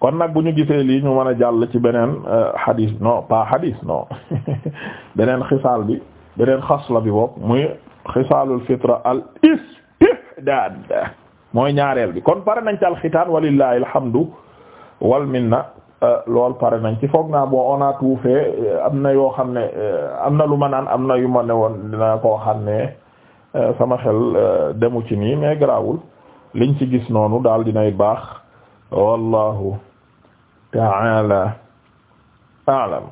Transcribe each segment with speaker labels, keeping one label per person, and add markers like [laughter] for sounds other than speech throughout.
Speaker 1: kon nag bu ñu gisee lii ñu mën a jàll ci beneen euh, xadis non pas xadis non [laughs] beneen xisaal bi beneen xasla bi bopp muy xisaalul fitra al istihdaad mooy ñaareel bi kon pare nañ ci alxitaan walillahi alhamdu wal minna euh, lool pare nañ ci foog naa boo on a euh, am na yoo xam ne am na lu ma naan am na yu ma ne woon dina ko xam ne sama xel demu ci nii mais garaawul liñ ci gis noonu daal dinay baax wallahu ta'ala a'lam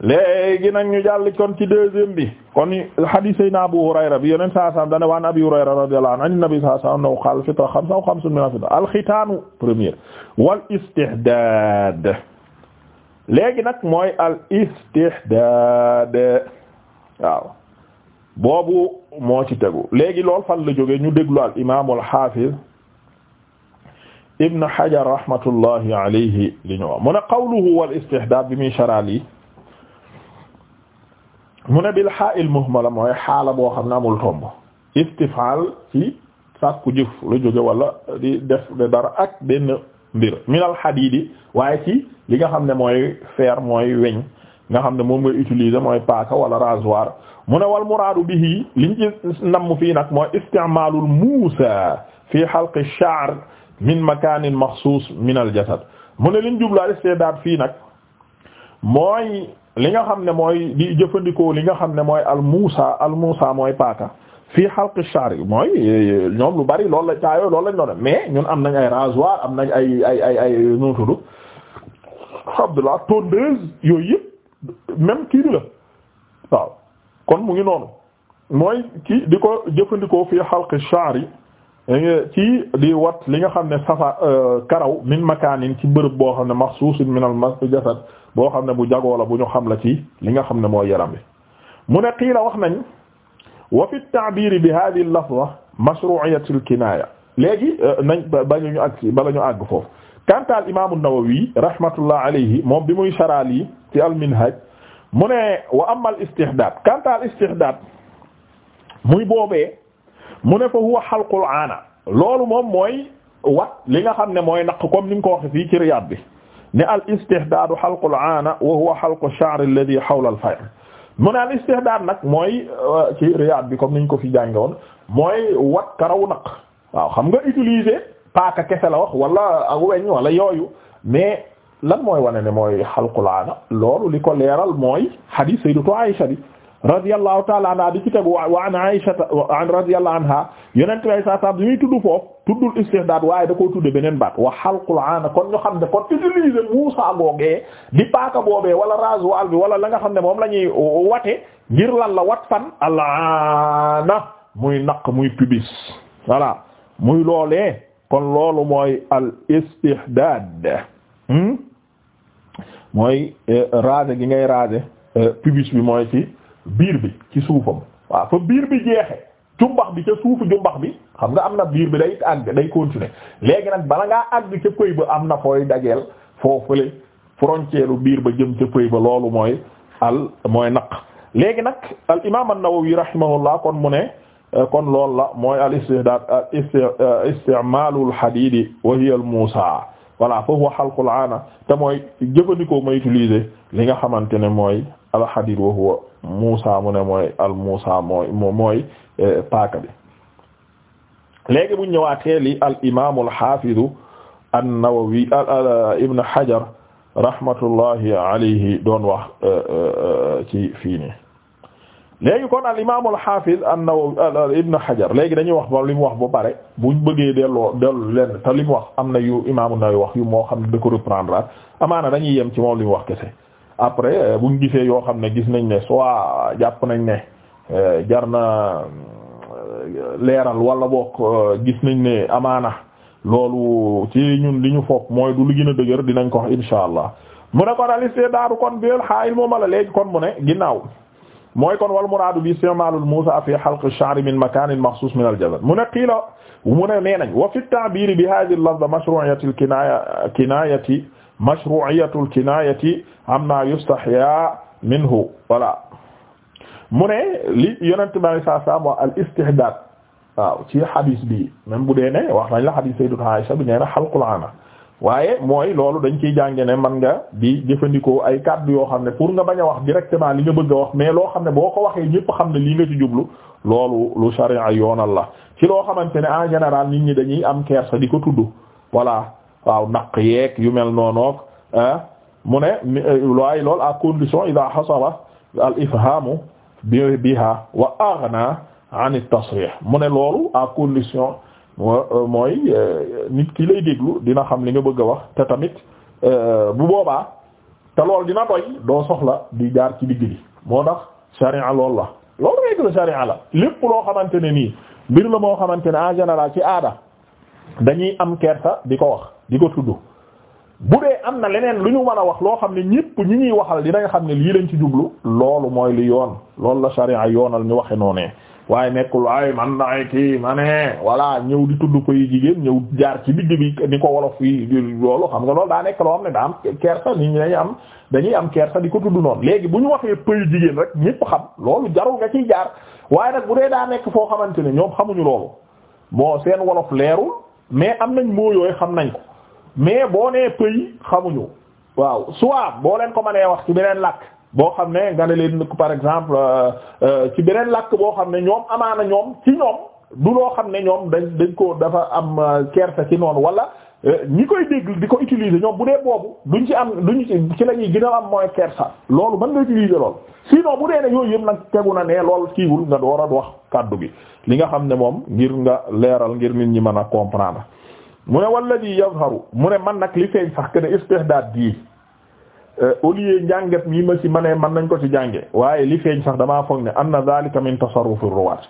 Speaker 1: léegi nag ñu jàll kon ci deuxième bi kon hadith sayna Abu Hurayra bi yoneen saa saam dane waan Abi Hurayra radiyallahu anhu an nabi saa saam naw xaal fitra xamsa aw xamsun min al-fitra al-xitaanu premier wal istihdaad léegi nag mooy al istihdaad waaw boobu moo ci tegu léegi lool fan la jóge ñu déglu al imaam al-Haafiz Ibn Hajar rahmatullahi alayhi li ñu wax mu ne qawluhu wal istihdaad bi muy saral mu ne mooy xaala boo xam ne amul tomb istif'aal ci sàkku jëf lu jóge wala di def dara ak benn mbir minal hadiidi waaye ci li nga xam ne mooy fer mooy weñ nga xam ne moom ngay utiliser mooy paaka wala rasoir mu ne wal muraadu bihi liñ ci namm fii nag mooy isticmaalul muusa fii halqi sha'r min makanin maxsuus min al jasad mu ne liñ jublu al-istidaad fii nag mooy li nga xam ne mooy di jëfandikoo li nga xam ne mooy al muusa al muusa mooy paaka fii xalq sha'r mooy ñoom lu bari lool la caayoo lool lañ doon def mais ñun am nañ ay rasoir am nañ ay ay ay ay ñu tuddu Abdullah tondeuse yooyu yëpp même la waaw kon mu ngi noonu mooy kii di ko jëfandikoo fii xalq sha'r ci di wat li nga xam ne safa euh, karaw min makaanin ci bërëb boo xam ne maxsuusin min al mas jasad boo xam ne bu jagoola bu ñu xam la ci li nga xam ne mooy yaram mu ne qiila wax nañ wa fi ta'bir bi hadhihi al wax mashru'iyyat al-kinaya léegi euh, nañ bañu ñu àgg bala ñu àgg foofu kanta al imam an-Nawawi rahmatullah alayhi moom bi muy saral yi ci al-Minhaj mu ne wa amma al-istihdaad kanta al-istihdaad muy mu ne fa huwa xalqul aana loolu moom mooy wat li nga xam ne mooy naq comme ni nga ko waxe fii ci Riyad bi ne al istihdaadu xalqul aana wa huwa xalqu sha'r alladhi hawla al fayr mu ne al istihdaad nag mooy euh, ci Riyad bi comme ni ko fi jànge mooy wat karaw naq waaw xam nga utiliser paaka kese la wax wala ak weñ yooyu mais lan mooy wane ne mooy xalqul loolu li ko leeral mooy hadith sayyidatu Aisha bi radiyallahu ta'ala anha di ci tegu wa an Aisha an radiyallahu anha yonent bi saa saa bi muy tudd foofu tuddul istihdaad waaye da koo tudde beneen baat wa halqul kon ñu xam ne kon utiliser muusa googee di paaka boobee wala rasoir bi wala langa xam ne moom la ñuy wate ngir lan la wat fan alaana muy naq muy pubis voilà muy loolee kon loolu mooy al hmm? mooy eh, raser gi ngay raser eh, pubis bi mooy ci biir bi ci suufam waaw fa biir bi jeexe jumbax bi ca suufu jumbax bi xam nga am na biir bi day àgg day continuer léegi nag bala ngaa àgg ca pëy ba am na fooy dajeel foofule frontière u biir ba jëm ca pëy ba loolu mooy al mooy naq léegi nag al imam an-Nawawi rahimahullah kon mu ne kon loolu la mooy al istihdaad isticmaalul hadiid wa hiya al muusaa voilà foofu wa halqul aana te mooy jëfandikoo mooy utiliser li nga xamante ne mooy alhadid wa huwa Muusa mu ne mooy al Muusa mooy mooy eh, paaka bi léegi bu ñëwaatee li al imaam al haafiz an-Nawawi ibn Hajar rahmatullahi alayhi doon wax eh, eh, ci fii nii léegi kon al imaam al haafiz an-Nawawi ibn Hajar léegi dañuy wax ba li mu wax ba pare buñ bëggee delloo dellu leen te li mu wax am na yu imaam an-Nawawi wax yu moo xam ne da ko reprendre amaana dañuy yem ci moom li mu wax kese après euh, buñ gisee yoo xam ne gis nañ ne soit jàpp nañ ne euh, jar na euh, leeral wala boog gis nañ ne amaana loolu ci ñun li ñu foog mooy du lu gën a dëgër dinañ ko wax insha allah mu ne kon aliste daaru kon biel xaayil mooma la léegi kon mu ne ginnaaw mooy kon wal muraadu bi istimaalul muusaa fi xalq ash-sha'r min makaanin maxsuus min al-jabal mu ne qiila mu nee nañ wa fi at bi haadhihi al-lafza al kinaayati mashru'iyatul kinayati amma yustahya minhu voilà mu ne li yonent bi saa saa moo al waaw ci hadis bi même bu dee ne wax nañ la hadis sayyidatu Aisha bi nee na xalqul ana waaye mooy loolu dañ ciy jànge ne man nga di jëfandikoo ay kàddu yoo xam ne pour nga bañ a wax directement li nga bëgg wax mais loo xam ne boo ko waxee ñëpp xam ne lii nga ci jublu loolu lu sharia yoonal la ci loo xamante ne en général nit ñi dañuy am kersa di ko tudd voilà waaw naq yeeg yu mel noonook ah, mu ne eh, waaye lool à condition ida xasala al ifhamu biha wa aghna an at-tasrih mu ne loolu à condition euh, mooy euh, nit ki lay déglu dina xam li nga bëgg a wax te tamit euh, bu boobaa te loolu dina doy doo soxla di jaar ci digg bi moo tax sharia loolu la loolu règle sharia la lépp loo xamante ne nii mbir la moo xamante ne en général ci aada dañuy am kersa di ko wax di ko tudd bu dee am na leneen lu ñu mën a wax loo xam ne ñépp ñi ñuy waxal dinañ xam ne lii lañ ci jublu loolu mooy li yoon loolu la sharia yoonal ñu waxe noonee waaye nekkul ay man na ay kii ma ne voilà ñëw di tudd koy jigéen ñëw jaar ci digg bi ni ko wolof yi loolu xam nga loolu daa nekk loo xam ne daa am kersa nit ñi ñu am dañuy am kersa di ko tudd noonu léegi bu ñu waxee pëy jigéen rek ñépp xam loolu jarul nga ciy jaar waaye nag bu dee daa nekk foo xamante ne ñoom xamuñu loolu bon seen wolof leerul mais am nañ moo yooyu xam nañ ko mais boo nee pëy xamuñu waaw soit boo leen ko mënee wax ci beneen làkk boo xam ne nga ne leen par exemple euh, euh, ci beneen làkk boo xam ne ñoom amaana ñoom ci ñoom du loo xam ne ñoom dañ dañ ko dafa am euh, kersa ci noonu wala ñi koy dégg di ko utiliser ñoom bu dee boobu duñ ci am duñ ci ci la ñuy gën a am mooy kersa loolu mën nga utiliser lool si sinon bu dee ne yooyu yëpp nag tegu na ne lool kiiwul nga door a wax kàddu gi li nga xam ne moom ngir nga leeral ngir nit ñi mën a comprendre mu ne walladi yazharu mu ne man nag li feeñ sax que istihdaad bii euh, au lieu njàngat mii ma ci ma ne mën nañ ko ci jànge li feeñ sax damaa foog ne anna zalika min tasarrufir ruwaat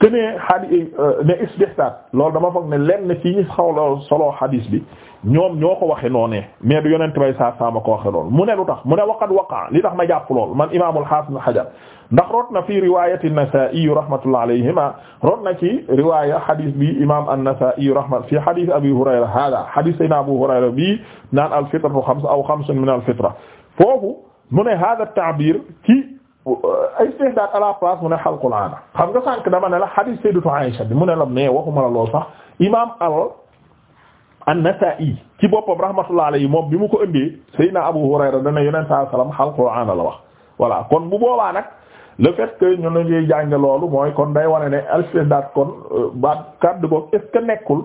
Speaker 1: que ne xadi euh, ne istihsan loolu dama foog ne lenn ci ñi xawla solo xadis bi ñoom ñoo ko waxe noonee mais du yonent bay saa saa ma ko waxe lool mu ne lu tax mu ne waqad waqa li tax ma jàpp lool man imaamul xaafis xajar ndax rot na fi riwaayati an-Nasaa'i rahmatullah alayhima rot na ci riwaaya xadis bi imaam an-Nasaa'i rahmat fi xadis abi Hurayra hada xadis sayna abu Hurayra bi naan al-fitratu xamsa aw xamsun min al-fitra foofu mu ne hada at-ta'bir ci Euh, istihdaad à la place mu ne xalqul aana xam nga sànq dama ne la hadith sayyidatu Aisha bi mu ne la mais waxuma la lool sax imaam al an-Nasaa'i ci boppam rahmatullah alayhi moom bi mu ko ëndee Seydina Abu Hurayra dana Yonent sallallahu alayhi wasallam xalqul aana la wax voilà kon bu boobaa nag le fait que ñu ne ñuy jànge loolu mooy kon day wane ne istihdaad kon euh, baat kàddu boog est ce que nekkul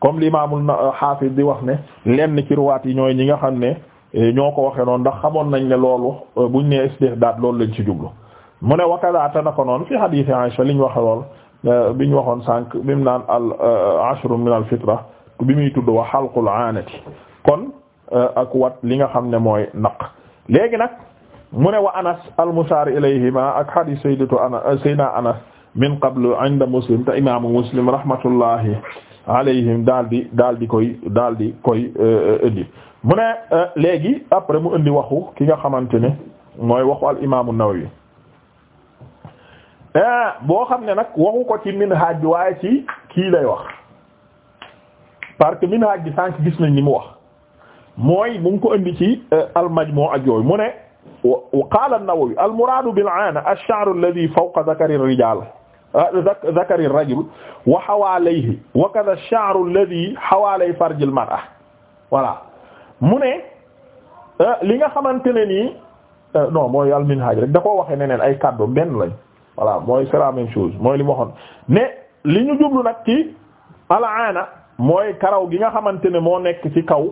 Speaker 1: comme l'imam al-Hafiz di wax ne lenn ci yi ñooy ñi nga xam ne. Eh, ñoo ko waxee noonu ndax xamoon nañ ne loolu eh, buñ ne istihdaad loolu lañ ci jublu mu ne wakadaata na ko noonu fi hadith Aisha liñ waxe lool eh, ñu waxoon sànq bi mu naan al ashru min al fitra bi muy tudd wa xalqul aanati kon ak wat li nga xam ne mooy naq léegi nag mu ne wa anas al musaar ilayhima ak hadith sayyidatu anas sayyidina anas min qablu inda muslim te imaamu muslim rahmatullahi alayhim daal di daal di koy daal di koy indi mu ne euh, léegi après mu indi waxu ki nga xamante ne mooy waxu al imaamu Nawawi euh, boo xam ne nag waxu ko ci minhaj bi waaye ci kii lay wax parce que minhaj bi sànq gis nañ ni mu wax mooy mu ngi ko indi ci euh, al majmu' ak yooyu mu ne wa qaala an-Nawawi al muraadu bil 'aana ash-sha'r alladhi fawqa dhakari ar-rijaal dhakari ar-rajul wa hawaalayhi wa kadha ash-sha'r alladhi hawaalay farj al-mar'a voilà mu ne euh, li nga xamante ne nii euh, non mooy al minhaj rek da koo waxee neneen ay kàddu benn lañ voilà mooy c'est la même mooy li mu waxoon ne li ñu jublu nag ci alaana mooy karaw gi nga xamante ne moo nekk ci kaw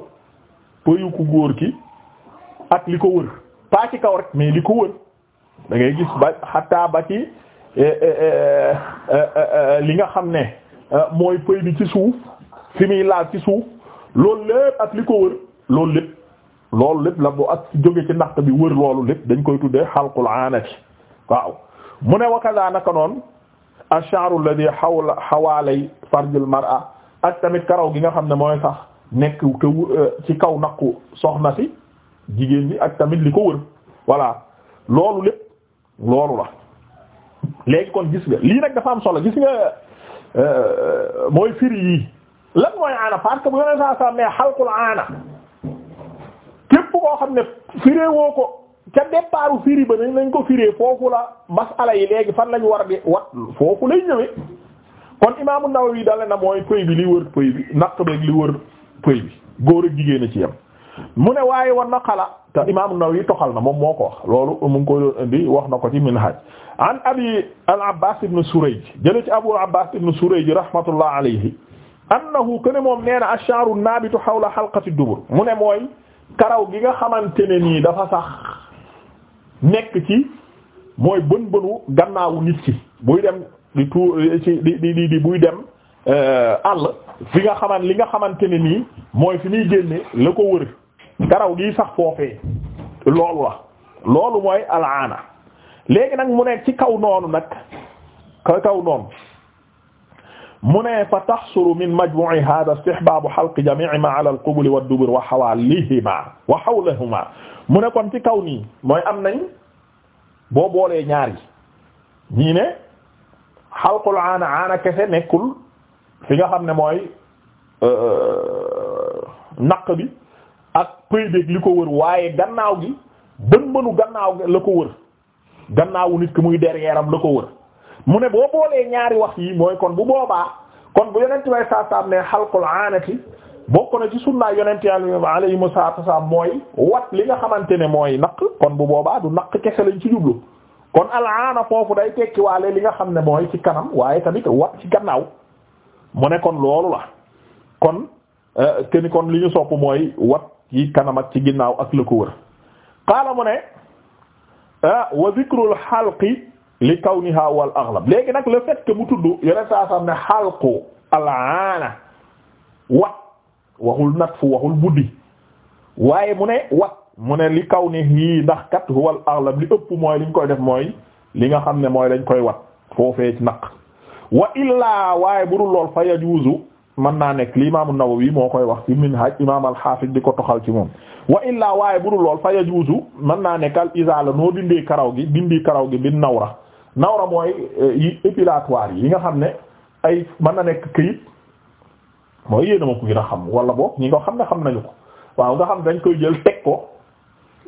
Speaker 1: pëyu ku góor ki ak li ko wër pas ci kaw rek mais li ko wër dangay ngay gis ba xataa ba ci eh, eh, eh, li nga xam ne euh, mooy pëy bi ci suuf fi muy laal ci suuf loolu lépp ak li ko wër loolu lépp loolu lépp la bu ak jóge ci naq bi wër loolu lépp dañ koy tuddee xalqul aanati waaw mu ne wakada naka noonu ash-sha'ru alladhi hawla hawalay farjul mar'a ak tamit karaw gi nga xam ne mooy sax nekk euh, ci kaw naqu soxna si jigéen ñi ak tamit li ko wër voilà loolu lépp loolu la léegi kon gis nga lii nag dafa am solo gis nga euh, mooy firi yii lan mooy aana parce que bu yoneen saa saa mais xalqul aana képp koo xam ne firee woo ko ca départu firi ba nañ nañ ko firee foofu la masala yi léegi fan lañu war a di wat foofu lay ñëwee kon imaamu Nawawi dale na mooy pëy bi li wër pëy bi naq beeg li wër pëy bi góor jigéen a ci yam mu ne waaye war na xala te imaamu Nawawi toxal na moom moo ko wax loolu mu ko doon indi wax na ko ci minhaj an abi al abbas ibn Surayj jële ci abu al abbas ibn Surayj rahmatullah alayhi annahu kana moom nee na ash-sha'ru nabitu hawla halqati mu ne mooy karaw gi nga xamante ne nii dafa sax nekk ci mooy bën bënu gannaawu nit ci buy dem di tuu di di di buy dem euh, àll fi nga xaman li nga xamante ne nii mooy fi muy génne la ko wër karaw gi sax foofee loolu la loolu mooy alaana léegi nag mu nekk ci kaw noonu nag ka kaw noonu mu ne fa taxsuru min majmu'i hada istihbaabu xalqi jami'i ma ala al-qubuli wad-duburi wa hawalihima wa hawlahuma mu ne kon ci kaw nii mooy am nañ boo boolee ñaar yi ñii ne xalqul aana aana kese nekkul fi nga xam ne mooy euh, euh, naq bi ak pëy beeg li ko wër waaye gannaaw gi bën bënu gannaaw la ko wër gannaawu nit ki muy derrière am la ko wër mu ne boo boolee ñaari wax yi mooy kon bu boobaa kon bu yonent way saa saam ne xalqul aanati bokk na ci sunnaa yonent yàlla alayhi salaatu wassalaam mooy wat li nga xamante ne mooy naq kon bu boobaa du naq kese lañ ci jublu kon alaana foofu day tekki waale li nga xam ne mooy ci kanam waaye tamit wat ci gannaaw mu ne kon loolu la kon euh, te kon li ñu sopp mooy wat ci kanam ak ci ginnaaw ak la ko wër qaala mu ne euh, wa zikrul xalqi li kawniha wal aghlab léegi nag le tudd yore saa saam ne alaana wat waxul natfu waxul buddi waaye mu ne wat mu ne li kawnihi ndax kat huwal aghlab li ëpp mooy liñ koy def mooy li nga xam ne mooy lañ koy wat foofee ci naq wa illaa waaye burul lool fa yajuuzu mën naa nekk li imaamu Nawawi moo koy wax ci minhaj imaam al-Hafiz di ko toxal ci moom wa illaa waaye burul lool fa yajuuzu mën naa nekk al izaala noo dindee karaw gi dindi karaw gi bi nawra nawra mooy euh, yi épilatoire yi nga xam ne ay mën na nekk këyit mooy yéen a ma ko gën xam wala boog ñi nga xam ne xam nañu ko waaw nga xam ne dañ koy jël teg ko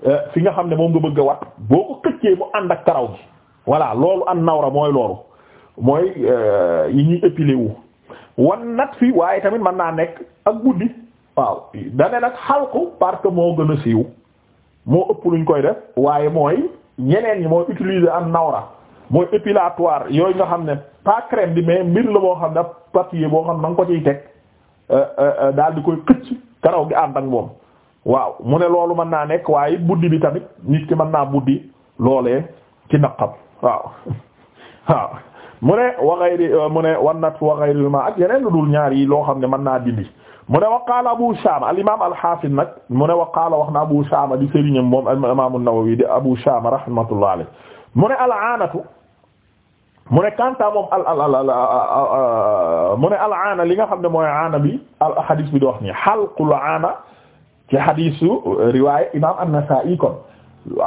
Speaker 1: euh, fi nga xam ne moom nga bëgg a wat boo ko xëccee mu ànd ak karaw gi voilà loolu an nawra mooy loolu mooy euh, yi ñuy épilé wu wan nat fii waaye tamit mën naa nekk ak guddi waaw dane nag xalku parce que moo gën a siiw moo ëpp luñ koy def waaye mooy ñeneen ñi moo utiliser an nawra mooy épilatoire yooyu nga xam ne pas crème bi mais mbir la boo xam ne papier boo xam ne da nga ko ciy teg euh, euh, euh, daal di koy xëcc karaw gi ànd ak moom waaw mu ne loolu mën naa nekk waaye buddi bi tamit nit ki man naa buddi loolee ci naqam waaw [laughs] waaw mu ne wa ghayri mu ne wan nat wa ghayri ma ak yeneen lu dul ñaar yi loo xam ne mën naa dindi mu ne wa qaala Abu Shama al imam al hafiz nag mu ne wa qaala wax na Abu Shama di sëriñam moom al imam an-Nawawi di Abu Shama rahmatullah alayh mu ne kanta moom al al al mu al aana li nga xam ne mooy aana bi al hadis bi di wax nii xalqul aana ci hadisu riwaaya imam an-Nasaa'i kon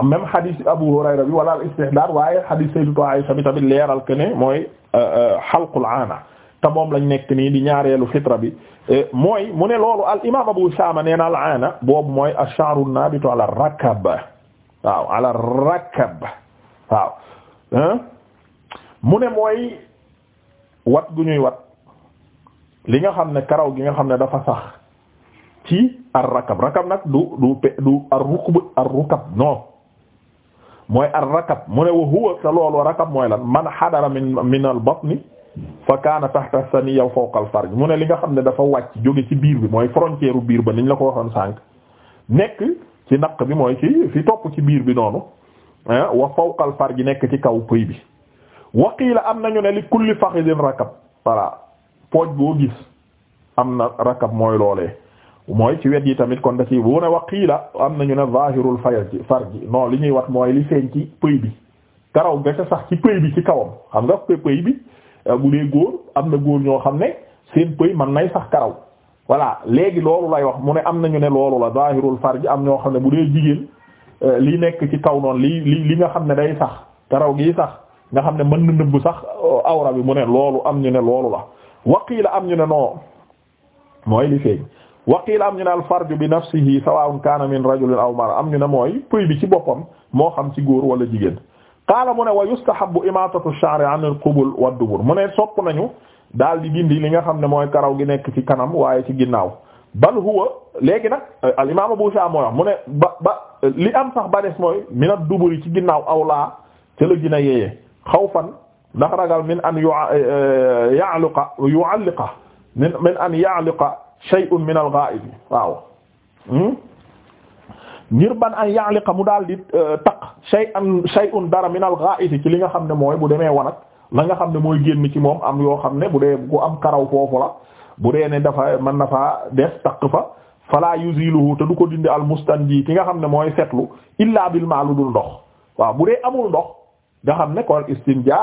Speaker 1: même hadis Abu Hurayra bi wala al istihdaar waaye hadis Sayyidatu Aisha bi tamit leeral que ne mooy euh, euh, xalqul aana te moom lañ nekk nii di ñaareelu fitra bi euh, mooy mu ne loolu al imam Abu Shaama nee na al aana boobu mooy ash-sha'ru naabitu ala rakab waaw ala mu ne mooy wat gu ñuy wat li nga xam ne karaw gi nga xam ne dafa sax ci ar rakab rakab nag du du pe du ar rukb ar rukab non mooy ar rakab mu ne wa huwa loolu rakab mooy lan man xadara min min al batni fa kaana tahta saniya fawqa al farj mu ne li nga xam ne dafa wàcc jóge ci biir bi mooy frontière biir ba niñ la ko waxoon sànk nekk ci naq bi mooy ci fi topp ci biir bi noonu wa fawqa al farj nekk ci kaw pëy bi waqiila am na ñu ne li kulli faxidin rakab voilà pooj boo gis am na rakab mooy loolee mooy ci wet yi tamit kon da ci bu ne waqiila am na ñu ne zahirul farji farji non li ñuy wax mooy li seen ci pëy bi karaw ga ca sax ci pëy bi ci kawam xam nga pëy bi euh, bu dee góor am na góor ñoo xam ne seen pëy man nay sax karaw voilà léegi loolu lay wax mu ne am na ñu ne loolu la zahirul farji am ñoo xam ne bu dee jigéen euh, li nekk ci kaw noon li li li nga xam ne day sax karaw gi sax nga xam ne mën na nëbb sax euh, awra bi mu ne loolu am ñu ne loolu la waqiila am ñu ne noo mooy li feeñ waqiila am ñu ne alfarju bi nafsihi sawa'un kana min rajulin aw mar'a am ñu ne mooy pëy bi ci boppam moo xam ci góor wala jigéen qaala mu ne wa yustahabbu imatatu ash-sha'ri 'an al-qubul wa ad-dubur mu ne sopp nañu daal di dindi li nga xam ne mooy karaw gi nekk ci kanam waaye ci ginnaaw bal huwa léegi nag euh, al imam Abu Shah mooy wax mu ne ba ba li am sax ba des mooy min ad-duburi ci ginnaaw awlaa ca la gën a xawfan ndax ragal min an eh, eh, ya'liqa yu'alliqa min min an ya'liqa shay'un min al-gha'ib waaw hmm? ngir ban an ya'liqa mu daal di eh, taq shay'an shay'un dara min al-gha'ib ci li nga xam ne mooy bu demee wanag la nga xam ne mooy génn ci moom am yoo xam ne bu dee ku am karaw foofu la bu dee ne dafa mën na faa des taq fa fala yuziluhu te du ko dindi al mustanji ki nga xam ne mooy setlu illa bil ma'ludul ndox waaw bu dee amul ndox nga xam ne kon istinja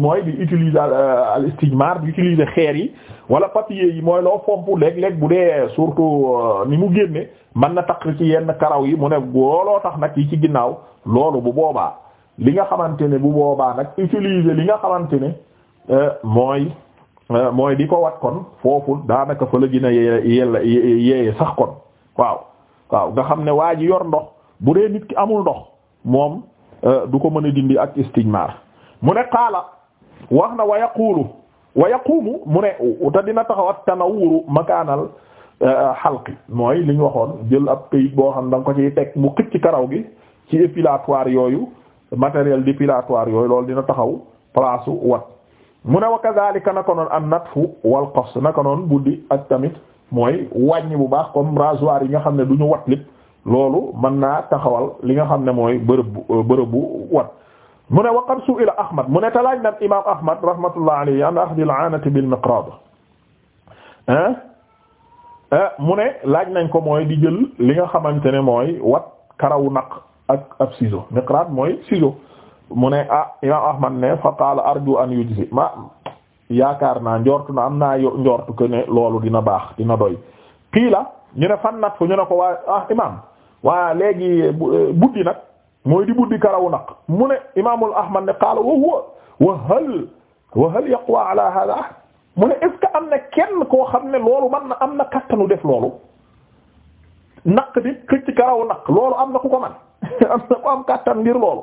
Speaker 1: mooy di utiliser al euh, istijmar bi utiliser xeer yi wala papier yi mooy loo fomp léeg-léeg bu dee surtout euh, ni mu génne man na taq ci yenn karaw yi mu ne booloo tax nag yi ci ginnaaw loolu bu boobaa li nga xamante ne bu boobaa nag utiliser li nga xamante ne euh, mooy mooy di ko wat kon foofu daanaka fa la gën a yee yeeye sax kon waaw waaw nga xam ne waa ji yor ndox bu dee nit ki amul ndox moom Euh, du ko mën a dindi ak istigmaar mu ne qaala wax na wa yaqulu wa yaqumu mu ne te dina taxaw ak tanawuru makaanal euh, xalqi mooy li ñu waxoon jël ab kayit boo xam da nga ko ci teg mu xëcc karaw gi ci épilatoire yooyu matériel dépilatoire yooyu loolu dina taxaw place wat mu ne wa kadhalika naka noonu an natfu wal qas naka noonu buddi ak tamit mooy wàññi bu baax comme rasoir yi nga xam ne du ñu wat lépp loolu mën naa taxawal li nga xam ne mooy bërëb euh, bërëbu wat mu ne waqad su'ila ahmad mu ne te laaj na imam ahmad rahmatullah alayhi an ahdil aanati bil miqrad hein mu ne laaj nañ ko mooy di jël li nga xamante ne mooy wat karawu naq ak ab ciseau miqrad mooy ciseau mu ne ah imam ahmad ne fa qaala arju an yujzi ma yaakaar naa njortu na am naa njortu que ne loolu dina baax dina doy qiila ñu ne fan nat fu ñu ne ko waa ah imam waa léegi eh, eh, buddi nag mooy di buddi karaw naq mu ne imaamul ahmad ne qaala wa huwa wa yaqwa ala hada ahad mu ne am na kenn koo xam ne loolu man na am na kattanu def loolu naq di xëcc karawu naq loolu am na ku ko man [laughs] am na ku kattan ngir loolu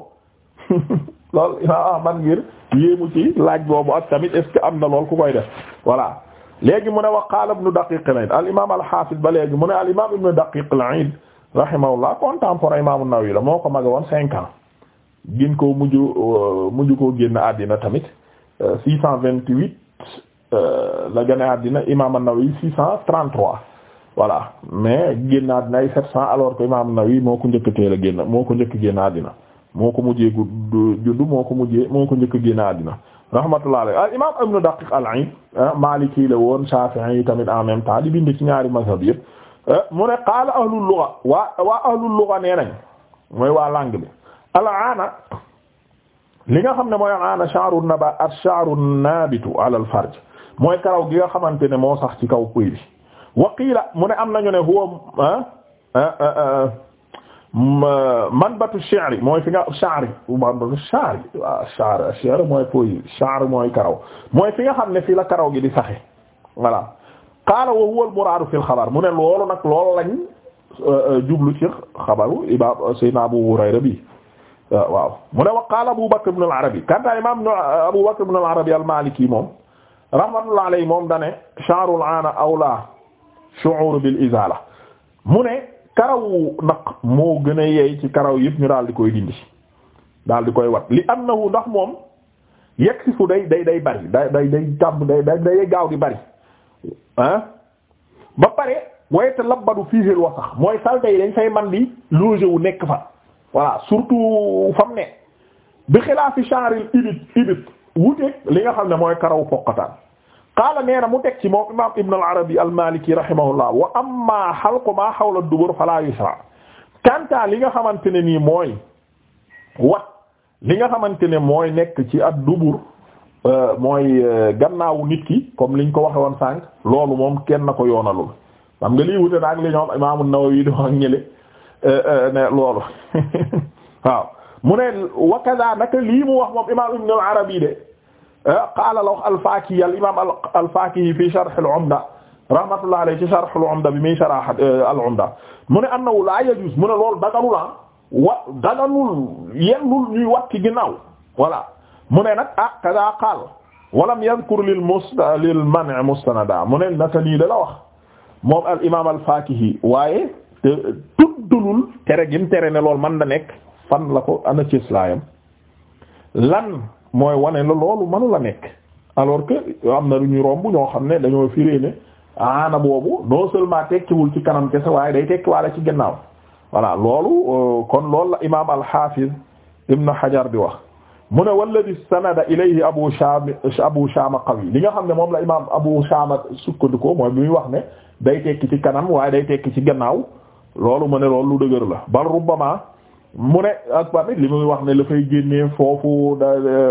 Speaker 1: [laughs] lool imaam ahmad ngir yéemu ci laaj boobu ak tamit est-ce am na loolu ku koy def voilà léegi mu ne wa qaala ibnu daqiq al-aid al imam al hafiz ba léegi mu ne al imam ibnu daqiq al-aid rahimahullah contemporain Imaamu Nawawi la moo ko mag woon cinq ans gin ko mujj euh, mujj koo génn àddina tamit euh, six cent vingt-huit euh, la gën a àddina Imaam An-Nawawi six cent trente-trois voilà mais génn àddina ay sept cent alors que Imaam An-Nawawi moo ko jëkk teel a moo ko njëkk génn àddina moo ko mujjee gudd juddu moo ko mujjee moo ko njëkk génna àddina rahmatullah alayhi al imaam Ibnu Daqiiq al-Iid ah, Maliki la woon Shaafi'i yi tamit en même temps di bind ci ñaari mazhab yëpp Eh, mu ne qaala ahlul lugha waa waa ahlul lugha nee nañ mooy waa langue bi alaana li nga xam ne mooy alaana sha'ru naba ash-sha'ru nabitu ala al-farj mooy karaw gi nga xamante ne moo sax ci kaw pëy bi wa qiila mu ne am nañu ne huwa ah, ah, ah, manbatu shi'ri mooy fi nga sha'ri manbatu sha'ri waaw sha'ri sha'ri mooy pëy sha'ri mooy karaw mooy fi nga xam ne fii la karaw gi di saxe voilà qaala wa huwa al muraadu fil xabar mu ne loolu nag loolu lañ euh, euh, jublu ci xabaru imaam euh, Seydina Abu Hurayra bi waaw mu ne wa qaala Abu Bakr ibn al Arabi kanta imaam Abu Bakr ibn al Arabi al Maliki moom rahmatullahi alayhi moom dane sha'rul aana awlaa shu'uur bil izaala mu ne karawu naq moo gën a yeey ci karaw yëpp ñu daal di koy dindi daal di koy wat li annahu ndax moom yeksifu day day day bari day day day tàmb day day gaaw di bari ah ba pare wayta labbadu fiihil wasax mooy salte yi dañ fay man di loger wu nekk fa voilà surtout fam ne bi xilaafi shaaril ibit ibit wuteeg li nga xam ne mooy karaw poqataan qaala nee na mu teg ci moom imam ibn al arabi al maliki rahimahullah wa amma xalqu maa xawla dubur fala yusra kanta li nga xamante ne nii mooy wat li nga xamante ne mooy nekk ci ad dubur Euh, mooy euh, gannaawu nit ki comme liñ ko waxe woon sànq loolu moom kenn ko yoonalul xam nga lii wute naag li ñoom Imaam An-Nawawi do ak ñële euh, [laughs] wax moom Imaam Ibn al-Arabi de qaala la wax al-Faakihi al-Imaam fi Sharh al-Umda rahmatullahi alayhi Sharh al-Umda bi muy sharh al-Umda mu ne annahu laa yajuuz loolu ah. daganul yellul ñuy wat ginnaaw voilà mu ne nag ah kada qaal walam yadhkur lil musta lil man' mustanada mu ne naka lii da la wax moom al imaam al waaye te tuddulul tere gim tere ne lool man la nekk fan la ko ana cëslaayam lan mooy wane la loolu manu la nekk alors que am na lu ñu romb ñoo xam ne dañoo firée ne aana boobu non seulement tekkiwul ci kanam kese waaye day tekki waale ci gannaaw voilà loolu euh, kon loolu la imaam al-Hafiz Ibn Hajar bi wax mu ne walladi sanada ilayhi abu sham abu shama qawi li nga xam ne moom la imaam abu shama sukkandiku mooy bi muy wax ne day tekki ci kanam waaye day tekki ci gannaaw loolu mu ne loolu lu dëgër la bal rubbama mu ne ak tamit li muy wax ne la fay génnee foofu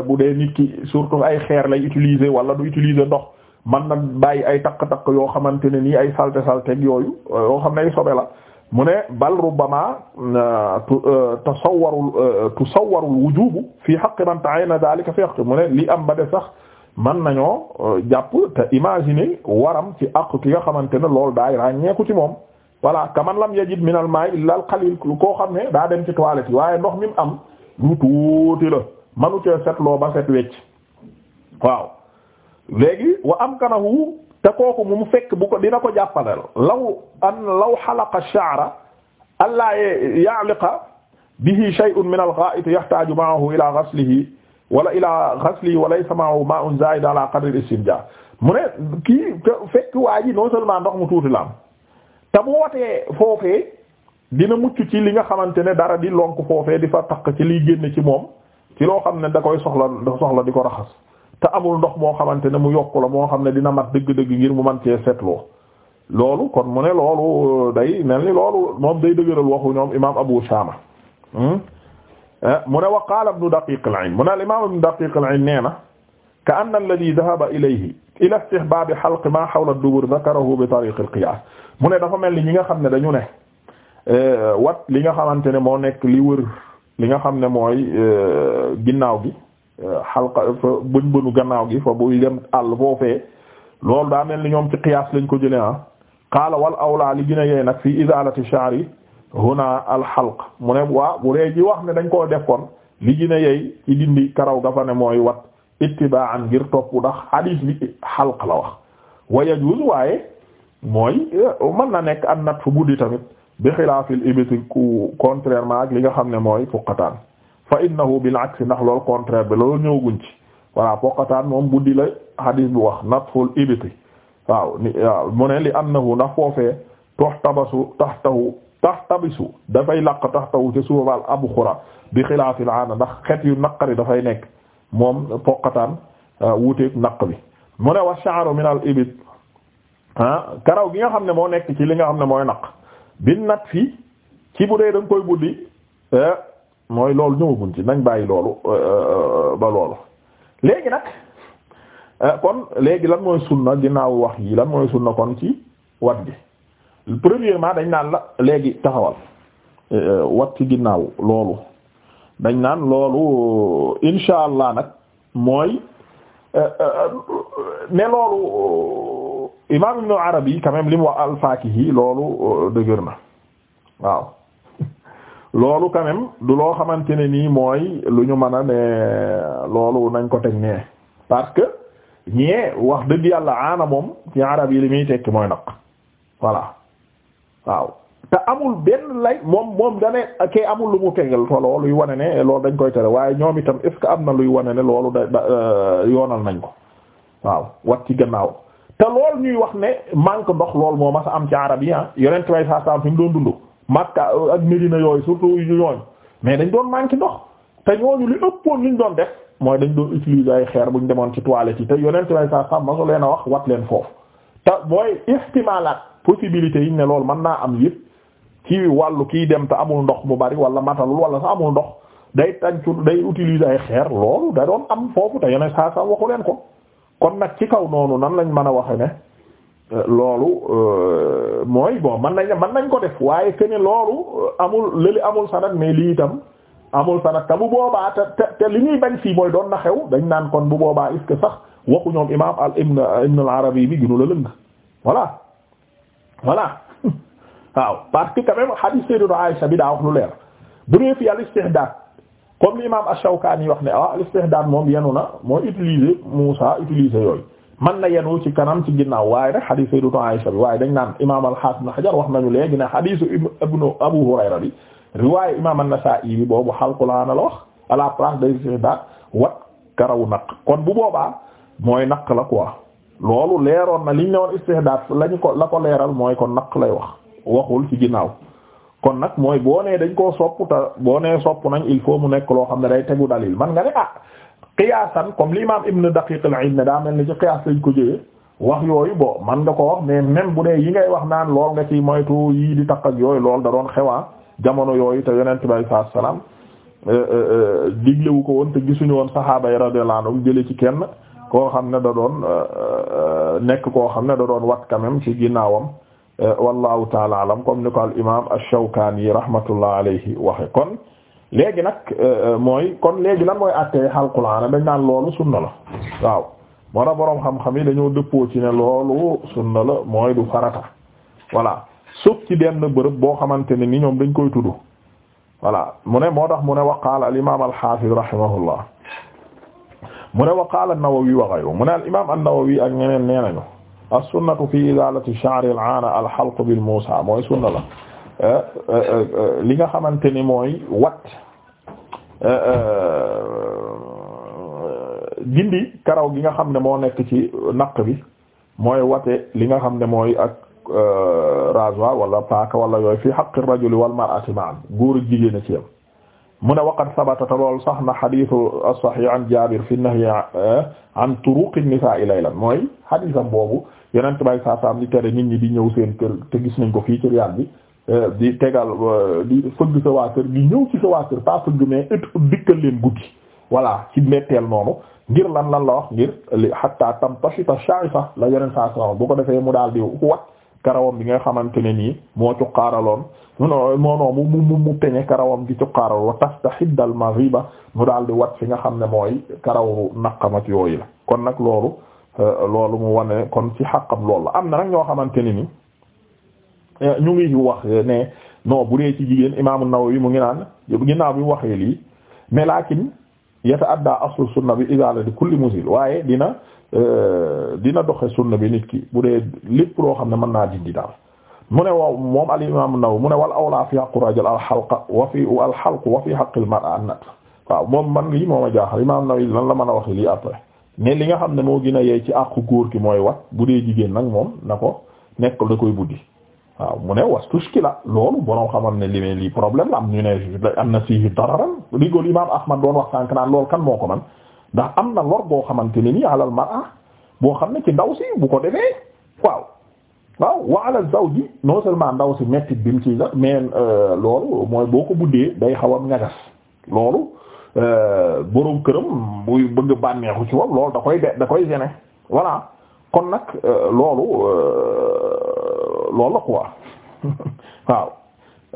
Speaker 1: bu dee nit ki surtout ay xeer lay utiliser wala du utiliser ndox man na bàyyi ay takk-takk yoo xamante ne nii ay salte salte yooyu yoo xam ne ay sobe la mu ne bal rubbama euh, euh, tasawwaru euh, tusawwaru wujubu fi haqqi man ta'ayna dhalika fi haqqi mu ne li am ba de sax man nañoo jàpp te imaginer waram ci àq ki nga xamante ne loolu daay ràññeeku ci moom voilà kaman lam yajid min al ma'i illa al qalil koo xam ne daa dem ci toilette yi waaye ndox mi mu am lu tuuti la manu cee setloo ba set wecc waaw léegi wa amkanahu te kooku mu fekk bu ko dina ko jàppaleel law an law xalaqa ash-sha'ra allaa ya'liqa bihi shay'un min al-gha'it yahtaju ma'ahu ila ghaslihi wala ila ghaslihi wa laysa ma'ahu ma'un za'id ala qadri al-istinja mu ne kii fekk waa ji non seulement ndox mu tuuti la am te bu wootee foofee dina mucc ci li nga xamante ne dara di lonk foofee di fa takk ci liy génn ci moom ci loo xam ne da koy soxla da soxla di ko raxas te amul ndox moo xamante ne mu yokku moo xam ne dina mat dëgg-dëgg ngir mu man set seetloo loolu kon mu ne loolu day mel loolu moom day dëgëral waxu ñoom imaam Abu Shama hmm? eh, mu ne wa qaala ibnu Daqiq al-Ayn mu ne al imaam ibnu Daqiq al-Ayn nee na ka anna alladhi dhahaba ilayhi ila istihbaabi halq ma hawla ad-dubur dhakarahu bi tariq al-qiyaas mu ne dafa mel ni ñi nga xam ne dañu ne eh, wat li nga xamante ne moo nekk li wër li nga xam ne mooy eh, ginnaaw gi Euh, xalqa fa bënu gannaaw gi fa buy dem àll foofee loolu daa mel ni ñoom ci qiyaas lañ ko jëlee a ah. qaala wal awlaa li gën a yee nag fii izaalati sha'ri huna alxalq mu ne waa bu dee ji wax ne dañ koo def kon li gën a ci dindi karaw ga fa ne mooy wat ittibaan ngir topp ndax hadis bi xalq la wax wa yajuuz waaye mooy euh, mën na nekk an nat fu buddi tamit bi xilaafil ibiti ku contrairement ak li nga xam ne mooy fuqataan fa innahu bil aksi ndax loolu contraire bi loolu ñëwaguñ ci voilà pokataan moom buddi la hadith bi wax natful ibiti waaw ni waaw mu ne li annahu ndax foofee tox tabasu tax tawu tax tabisu dafay laq tax tawu ca suufabal abu xura bi xilaafil aana ndax xet yu naqari dafay nekk moom pokataan euh, wuuteeg naq bi mu ne wax sha'ru min al ibit ah, karaw gi nga xam ne moo nekk ci li nga xam ne mooy naq bin nat ci bu dee dañ koy buddi euh, mooy loolu ñëwaguñ ci nañ bàyyi loolu euh, euh, ba loolu léegi nag euh, kon léegi lan mooy sunna ginnaaw wax yi lan mooy sunna kon ci wat bi premièrement dañ naan la léegi taxawal wat ci ginnaaw loolu dañ naan loolu insha allah nag mooy ne loolu imam Ibn Arabi quand même li mu wax al-Fakihi loolu dëgër na waaw loolu quand du loo xamante ne nii mooy lu ñu mën a ne loolu nañ ko teg nee parce que ñee wax dëgg yàlla aana moom ci arab yi li muy tekki mooy naq voilà waaw te amul benn lay moom moom dane kay amul lu mu tegal fa looluy wane ne loolu dañ koy tere waaye ñoom itam est ce que am na luy wane ne loolu da euh, yoonal nañ ko waaw wat ci gannaaw te lool ñuy wax ne manque ndox loolu moo mas a am ci arab yi ah yonent way saa saa fi mu doon dund Makka euh, ak Medina yooyu surtout yu ñooñ mais dañ doon manqué ndox te ñooñu li ëppoon liñ doon def mooy dañ doon utiliser ay xeer buñ demoon ci toilette yi te yonent way sa sam maso leen a wax wat leen foofu te mooy ihtimalaat possibilités yiñ ne loolu mën naa am yëpp kii wàllu kii dem te amul ndox mu bari wala matalul wala sa amul ndox day tàncu day utiliser ay xeer loolu da doon am foofu te yonent saa sam waxu leen ko kon nag ci kaw noonu nan lañ mën a waxe loolu euh, mooy bon man nañ man nañ ko def waaye que loolu euh, amul lëli amul sanad mais lii itam amul sanad te bu boobaa te te te li ñuy bañ fii mooy doon na xew dañ naan kon bu boobaa est-ce que sax waxu ñoom imaam al ibn ibn al arabi bi ginu la lëng voilà voilà [laughs] waaw parce que quand même hadith sayyidatu Aisha bi daa wax lu leer bu dee fi al istihdaad comme l'imam ash-Shawkani wax ne ah al istihdaad moom yenu na moo utiliser Musa utiliser yooyu man na yenu ci kanam ci ginnaaw waaye rek waaye dañ naan imaam al-Hasan ibn wax nañu léegi ne xadiisu ibnu Abu Hurayra bi riwaaya imaam an-Nasaa'i bi boobu xalqulaana la wax à la place day si daat wat karawu naq kon bu boobaa mooy naq la quoi loolu leeroon na liñ ne woon istihdaat lañu ko la ko leeral mooy kon naq lay wax waxul ci ginnaaw kon nag mooy boo nee dañ koo sopp ta boo nee sopp nañ il faut mu nekk loo xam ne day tegu dalil man nga ne ah qiyaasan comme l'imam Ibn Daqiq al-Eid ne daa mel ni ci qiyaas lañ ko jëlee wax yooyu bo man nga ko wax mais même bu ne yi ngay wax naan lool nga ci moytu yii di takk ak yooyu lool da doon xewaa jamono yooyu te yonent bi alayhi salaatu salaam euh, euh, euh, diglewu ko woon te gisuñu woon saxaaba yi radiyallahu anhum jëlee ci kenn koo xam ne da doon nekk koo xam ne da doon wat quand ci ginnaawam wallahu taala alam comme ni ko al imam ash-Shawkani rahmatullah alayhi waxe kon léegi nag euh, euh, mooy kon léegi lan mooy àttee xalqulaana dañ naan loolu sunna la waaw moo tax boroom xam-xam yi dañoo dëppoo ci ne loolu sunna la mooy du farata voilà suuf ci benn bërëb boo xamante ne ni ñoom dañ koy tudd voilà mu ne moo tax mu ne waqaala al imaam al xaafid rahimahullah mu ne waqaala an-Nawawi wa ghayruhu mu ne al imaam an-Nawawi ak ñeneen nee nañu as-sunnatu fi izaalati ash-sha'r al-'aana al-halq mooy sunna la Euh, euh, euh, li nga xamante ni mooy wat gindi karaw gi nga xam ne moo nekk ci naq bi mooy wate li nga xam ne mooy ak rasoir wala paaka wala yooyu fi haqqi rajuli wal mar'ati ma'an góor ak jigéen a ci yam mu ne waqad sabata te lool sax na hadithu as-sahih an Jabir fi nahyi an turuqi nisaa laylan mooy hadisam boobu yeneen bay saa saam ni tere nit ñi di ñëw seen kër te gis nañ ko fii ci bi Euh, di tegal euh, di fëgg sa waa kër di ñëw ci sa waa kër pas fëgg mais dikkal leen guddi voilà ci metteel noonu ngir lan lan la wax ngir li hatta tampashita sha'ifa la yeneen saa saa bu ko defee mu daal di wat karawam bi nga xamante ne nii moo cuqaaraloon non non mu mu mu peñe karawam di cuqaaral wa tastahidda al maghiba mu daal di wat fi nga xam ne mooy karawu naqamat yooyu la kon nag loolu euh, loolu mu wane kon ci xàqam loolu la am na nag ñoo xamante ne nii. ñu ngi wax ne non bu dee ci jigéen imaamu Nawawi mu ngi naan ginnaaw bi mu waxee lii mais lakin yata adda aslu sunna bi izala di kulli musil waaye dina euh, dina doxe sunna bi nit ki bu dee lépp loo xam ne mën naa dindi daal mu ne waaw moom al imam an-Nawawi mu ne wal awla fi haqqi rajul al halqa wa fi al halqu wa fi haqqi al mar'a an waaw moom man lii moom a jaaxal imam an lan la mën a waxee lii après mais li nga xam ne moo gën a yey ci àqu góor ki mooy wat bu dee jigéen nag moom na ko nekk da koy buddi waaw mu ne wastushkila loolu borom xamam ne li ne lii problème la am na fii dararan rigol imam ahmad doon wax sànk naan loolu kan moo ko man ndax am na lor boo xamante ne nii alal mar'a boo xam ne ci ndaw si bu ko defee waaw waaw wa ala zawji no seulement ndaw si mettit bi mu ci sax mais euh, loolu mooy boo ko buddee day xaw a ñagas loolu euh, borom këram buy bëgg bànneexu ci wol loolu da koy da koy gene voilà kon nag euh, loolu euh, loolu la quoi [laughs] waaw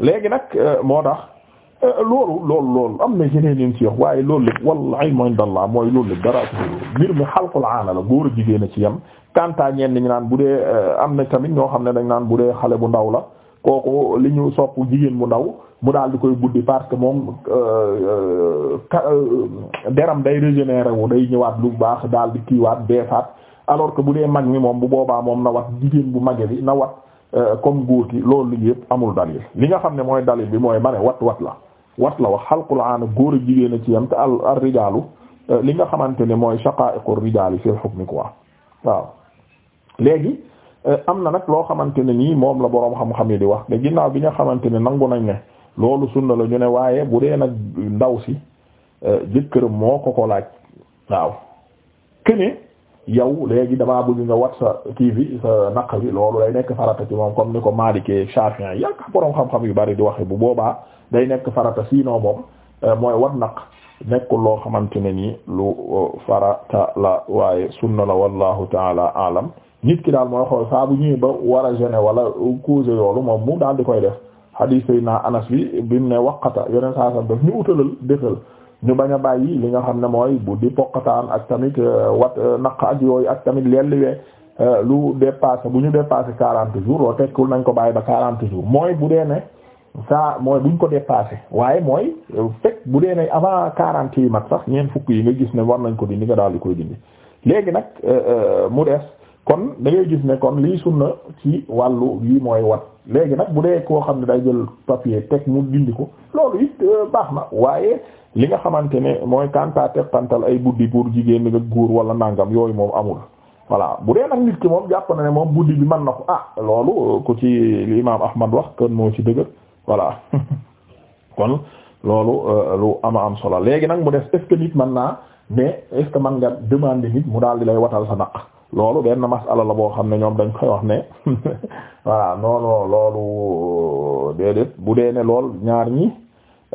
Speaker 1: léegi nag euh, moo tax loolu loolu loolu am na yeneen yu ci wax waaye loolu lépp wal ilmu indallah mooy loolu lépp dara mbir mi xalqul aana la góor a jigéen a ci yam kantaa ñeen ñu naan bu dee am na tamit ñoo xam ne dañ naan bu dee xale bu ndaw la kooku li ñu sopp jigéen bu ndaw mu daal di koy buddi parce que moom deram day régénérer wu day ñëwaat lu baax daal di kiiwaat beesaat alors que bu dee mag mi moom bu boobaa moom na wat jigéen bu mage bi na wat euh, comme góor ki loolu yëpp amul dalil li nga xam ne mooy dalil bi mooy ma ne wat wat la wat la wax xalqul aana góor a jigéen a ci yam te al al rijaalu euh, li nga xamante ne mooy shaqaa'iqur rijaali fil hukmi quoi waaw léegi euh, am na nag loo xamante ne nii moom la boroom xam-xam yi di wax te ginnaaw bi nga xamante ne nangu nañ ne loolu sunna la ñu ne waaye bu dee nag ndaw si jëkkër moo ko ko laaj waaw kene yow léegi damaa bëgg nga wat sa kii bi sa naq bi loolu day nekk farata ci moom comme ni ko Maalikee Shafi'i yàgg borom xam-xam yu bari di waxe bu boobaa day nekk farata sinon moom euh, mooy wat naq nekkul loo xamante ne nii lu euh, farata la waaye sunna la wallahu taala alam nit ki daal mooy xool saabu bu ba war a gêner wala cause yoolu moom mu daal di koy def hadis Seydina Anas bi bi mu ne waqata yeneen saa sam daf ñu utalal defal ñu bañ a bàyyi li nga xam ne mooy bu di pokataan ak tamit euh, wat euh, naq ak yooyu ak tamit lelliwee euh, lu dépassé bu ñu dépassé quarante jours loo tekkul nañ ko bàyyi ba quarante jours mooy bu dee ne saa mooy buñ ko dépassé waaye mooy fekk bu dee ne avant quarante yi mat sax ñeent fukk yi nga gis ne war nañ ko dindi nga daal di koy dindi léegi nag mu des kon da gis ne kon lii sunna ci wàllu yi mooy wat léegi nag bu dee koo xam ne day jël papier teg mu dindi ko loolu it euh, baax na waaye li nga xamante ne mooy kanta teg ay buddi pour jigéen nga góor wala nangam yooyu moom amul voilà bu dee nag nit ki moom jàpp na ne moom buddi bi man na ko ah loolu euh, ku ci li imaam Ahmad wax kon moo ci dëgër voilà [laughs] kon loolu euh, lu ama am solo léegi nag mu def est nit mën naa mais est-ce que nga demander nit mu daal di lay watal sa naq loolu benn masala la boo xam ne ñoom dañ koy wax ne [laughs] voilà non non loolu déedéet bu dee ne lool ñaar ñi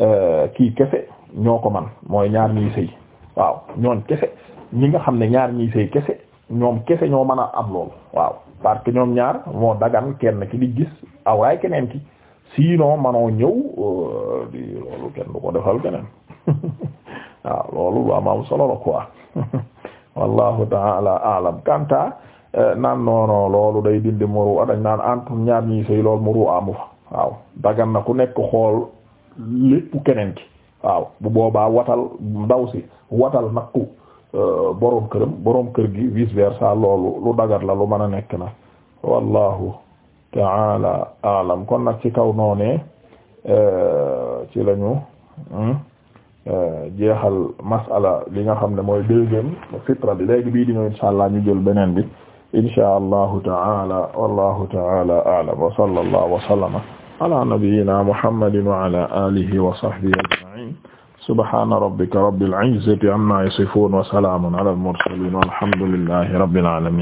Speaker 1: euh, kii kese ñoo ko man mooy ñaar ñi sëy waaw ñooñ kese ñi nga xam ne ñaar ñiy sëy kese ñoom kese ñoo mën a am lool waaw parce que ñoom ñaar moo dagan kenn ki di gis awraay ah, keneen ki sinon manoo ñëw euh, di loolu kenn du ko defal keneen [laughs] waaw loolu lu am am solo la quoi [laughs] wallahu taala alam kanta eh, naan noono loolu day dindi muru a dañ naan antum ñaar ñi sëy loolu muru amu fa waaw dagan na ku nekk xool lépp keneen ki waaw bu boobaa watal ndaw si watal nakku eh, borom borom kër gi vice versa loolu lu dagat la lu mën a nekk na wallahu taala alam kon nag ci kaw noonee eh, ci lañu hmm? jeexal masala li nga xam ne mooy deuxième fitra bi léegi bii di ñëw insha allah ñu jël beneen bi insha allahu taala wallahu taala a'lam wa sallallahu wa sallama ala nabiyyina muhammadin wa ala alihi wa sahbihi ajma'in subhana rabbika rabbil izzati amma yasifun wa salamun ala al mursalin walhamdulillahi rabbil alamin